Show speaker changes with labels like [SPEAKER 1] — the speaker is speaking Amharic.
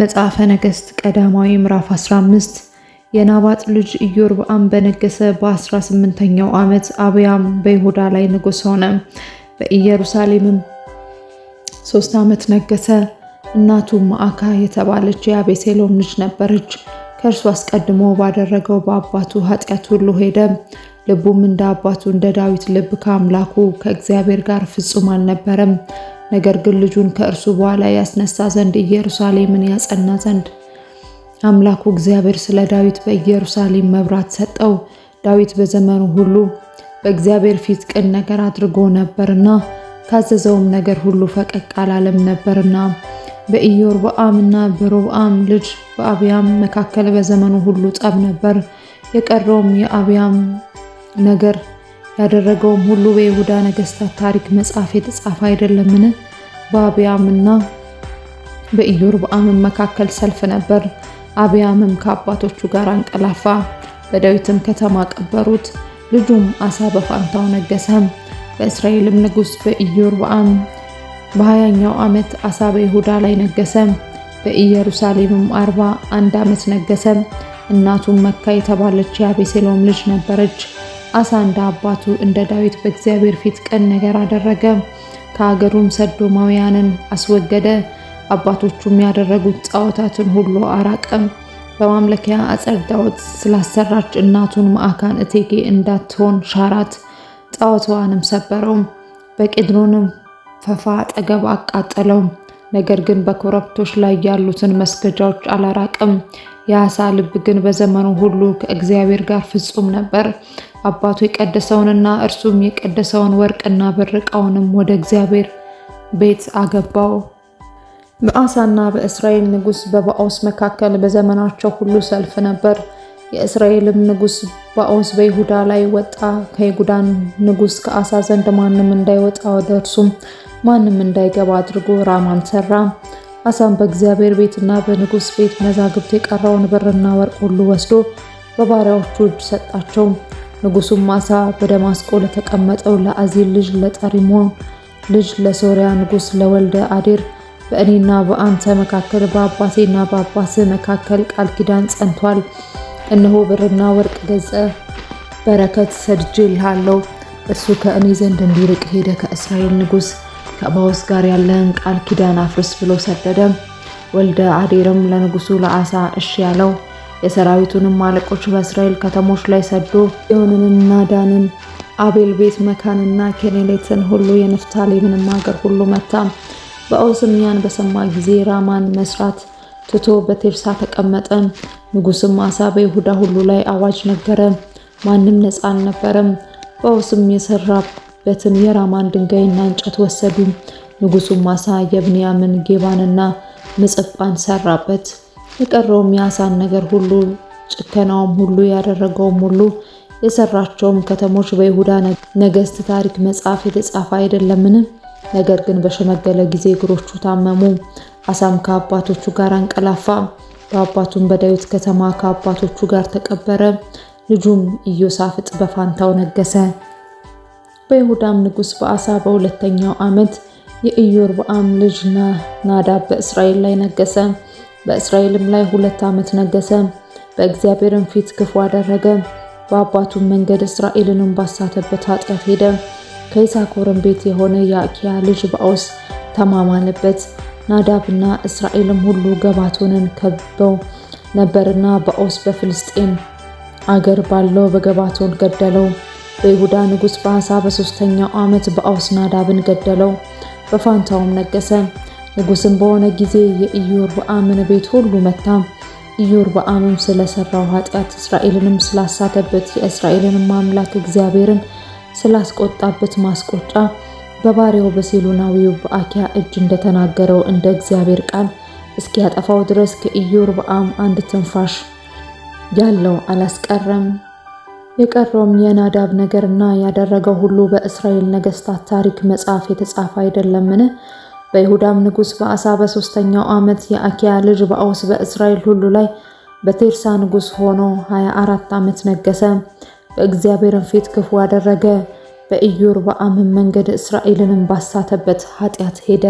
[SPEAKER 1] መጽሐፈ ነገሥት ቀዳማዊ ምዕራፍ 15 የናባጥ ልጅ ኢዮርብዓም በነገሰ በ18ኛው ዓመት አብያም በይሁዳ ላይ ንጉሥ ሆነ። በኢየሩሳሌምም ሶስት ዓመት ነገሰ። እናቱ ማዕካ የተባለች የአቤሴሎም ልጅ ነበረች። ከእርሱ አስቀድሞ ባደረገው በአባቱ ኃጢአት ሁሉ ሄደ። ልቡም እንደ አባቱ እንደ ዳዊት ልብ ከአምላኩ ከእግዚአብሔር ጋር ፍጹም አልነበረም። ነገር ግን ልጁን ከእርሱ በኋላ ያስነሳ ዘንድ ኢየሩሳሌምን ያጸና ዘንድ አምላኩ እግዚአብሔር ስለ ዳዊት በኢየሩሳሌም መብራት ሰጠው። ዳዊት በዘመኑ ሁሉ በእግዚአብሔር ፊት ቅን ነገር አድርጎ ነበርና ካዘዘውም ነገር ሁሉ ፈቀቅ አላለም ነበርና። በኢዮርብዓም እና በሮብዓም ልጅ በአብያም መካከል በዘመኑ ሁሉ ጸብ ነበር። የቀረውም የአብያም ነገር ያደረገውም ሁሉ በይሁዳ ነገስታት ታሪክ መጽሐፍ የተጻፈ አይደለምን? በአብያምና በኢዮርብዓምም መካከል ሰልፍ ነበር። አብያምም ከአባቶቹ ጋር አንቀላፋ፣ በዳዊትም ከተማ ቀበሩት። ልጁም አሳ በፋንታው ነገሰ። በእስራኤልም ንጉሥ በኢዮርብአም በሀያኛው ዓመት አሳ በይሁዳ ላይ ነገሰ። በኢየሩሳሌምም አርባ አንድ ዓመት ነገሰ። እናቱም መካ የተባለች የአቤሴሎም ልጅ ነበረች። አሳ እንደ አባቱ እንደ ዳዊት በእግዚአብሔር ፊት ቅን ነገር አደረገ። ከሀገሩም ሰዶማውያንን አስወገደ። አባቶቹም ያደረጉት ጣዖታትን ሁሉ አራቀም። በማምለኪያ አጸድ ጣዖት ስላሰራች እናቱን ማዕካን እቴጌ እንዳትሆን ሻራት፣ ጣዖቷንም ሰበረውም። በቄድሮንም ፈፋ አጠገብ አቃጠለውም። ነገር ግን በኮረብቶች ላይ ያሉትን መስገጃዎች አላራቅም። የአሳ ልብ ግን በዘመኑ ሁሉ ከእግዚአብሔር ጋር ፍጹም ነበር። አባቱ የቀደሰውንና እርሱም የቀደሰውን ወርቅና ብር ዕቃውንም ወደ እግዚአብሔር ቤት አገባው። በአሳና በእስራኤል ንጉሥ በባኦስ መካከል በዘመናቸው ሁሉ ሰልፍ ነበር። የእስራኤልም ንጉሥ ባኦስ በይሁዳ ላይ ወጣ። ከይሁዳን ንጉሥ ከአሳ ዘንድ ማንም እንዳይወጣ ወደ እርሱም ማንም እንዳይገባ አድርጎ ራማን ሰራ። አሳም በእግዚአብሔር ቤትና በንጉሥ ቤት መዛግብት የቀረውን ብርና ወርቅ ሁሉ ወስዶ በባሪያዎቹ እጅ ሰጣቸው። ንጉሱም አሳ በደማስቆ ለተቀመጠው ለአዚር ልጅ ለጠሪሞን ልጅ ለሶሪያ ንጉስ ለወልደ አዴር በእኔና በአንተ መካከል በአባቴና በአባትህ መካከል ቃል ኪዳን ጸንቷል። እነሆ ብርና ወርቅ ገጸ በረከት ሰድጄልሃለሁ። እሱ ከእኔ ዘንድ እንዲርቅ ሄደ፣ ከእስራኤል ንጉስ ከባውስ ጋር ያለህን ቃል ኪዳን አፍርስ ብሎ ሰደደ። ወልደ አዴርም ለንጉሱ ለአሳ እሺ ያለው የሰራዊቱንም አለቆች በእስራኤል ከተሞች ላይ ሰዶ የሆንንና ዳንን፣ አቤል ቤት መካንና ኬኔሌትን ሁሉ የንፍታሌምንም አገር ሁሉ መታ። በኦዝንያን በሰማ ጊዜ ራማን መስራት ትቶ በቴርሳ ተቀመጠ። ንጉስም አሳ በይሁዳ ሁሉ ላይ አዋጅ ነገረ፣ ማንም ነፃ አልነበረም። በውስም የሰራበትን የራማን ድንጋይና እንጨት ወሰዱ። ንጉሱም አሳ የብንያምን ጌባንና ምጽጳን ሰራበት። የቀረውም የአሳን ነገር ሁሉ ጭከናውም ሁሉ ያደረገውም ሁሉ የሰራቸውም ከተሞች በይሁዳ ነገስት ታሪክ መጽሐፍ የተጻፈ አይደለምን? ነገር ግን በሸመገለ ጊዜ እግሮቹ ታመሙ። አሳም ከአባቶቹ ጋር አንቀላፋ፣ በአባቱም በዳዊት ከተማ ከአባቶቹ ጋር ተቀበረ። ልጁም ኢዮሳፍጥ በፋንታው ነገሰ። በይሁዳም ንጉሥ በአሳ በሁለተኛው ዓመት የኢዮርብዓም ልጅ ናዳብ በእስራኤል ላይ ነገሰ። በእስራኤልም ላይ ሁለት ዓመት ነገሰ። በእግዚአብሔርም ፊት ክፉ አደረገ። በአባቱም መንገድ እስራኤልንም ባሳተበት ኃጢአት ሄደ። ከይሳኮርም ቤት የሆነ የአኪያ ልጅ ባኦስ ተማማለበት። ናዳብና እስራኤልም ሁሉ ገባቶንን ከበው ነበርና ባኦስ በፍልስጤም አገር ባለው በገባቶን ገደለው። በይሁዳ ንጉሥ በአሳ በሦስተኛው ዓመት ባኦስ ናዳብን ገደለው፣ በፋንታውም ነገሰ። ንጉስም በሆነ ጊዜ የኢዮርብዓምን ቤት ሁሉ መታ። ኢዮርብዓምም ስለሰራው ኃጢአት እስራኤልንም ስላሳተበት የእስራኤልንም አምላክ እግዚአብሔርን ስላስቆጣበት ማስቆጫ በባሪያው በሴሎናዊው በአኪያ እጅ እንደተናገረው እንደ እግዚአብሔር ቃል እስኪያጠፋው ድረስ ከኢዮርብዓም አንድ ትንፋሽ ያለው አላስቀረም። የቀረውም የናዳብ ነገርና ያደረገው ሁሉ በእስራኤል ነገስታት ታሪክ መጽሐፍ የተጻፈ አይደለምን? በይሁዳም ንጉሥ በአሳ በሶስተኛው ዓመት የአኪያ ልጅ በአውስ በእስራኤል ሁሉ ላይ በቴርሳ ንጉሥ ሆኖ 24 ዓመት ነገሰ። በእግዚአብሔርን ፊት ክፉ አደረገ። በኢዮርባአምን መንገድ እስራኤልንም ባሳተበት ኃጢአት ሄደ።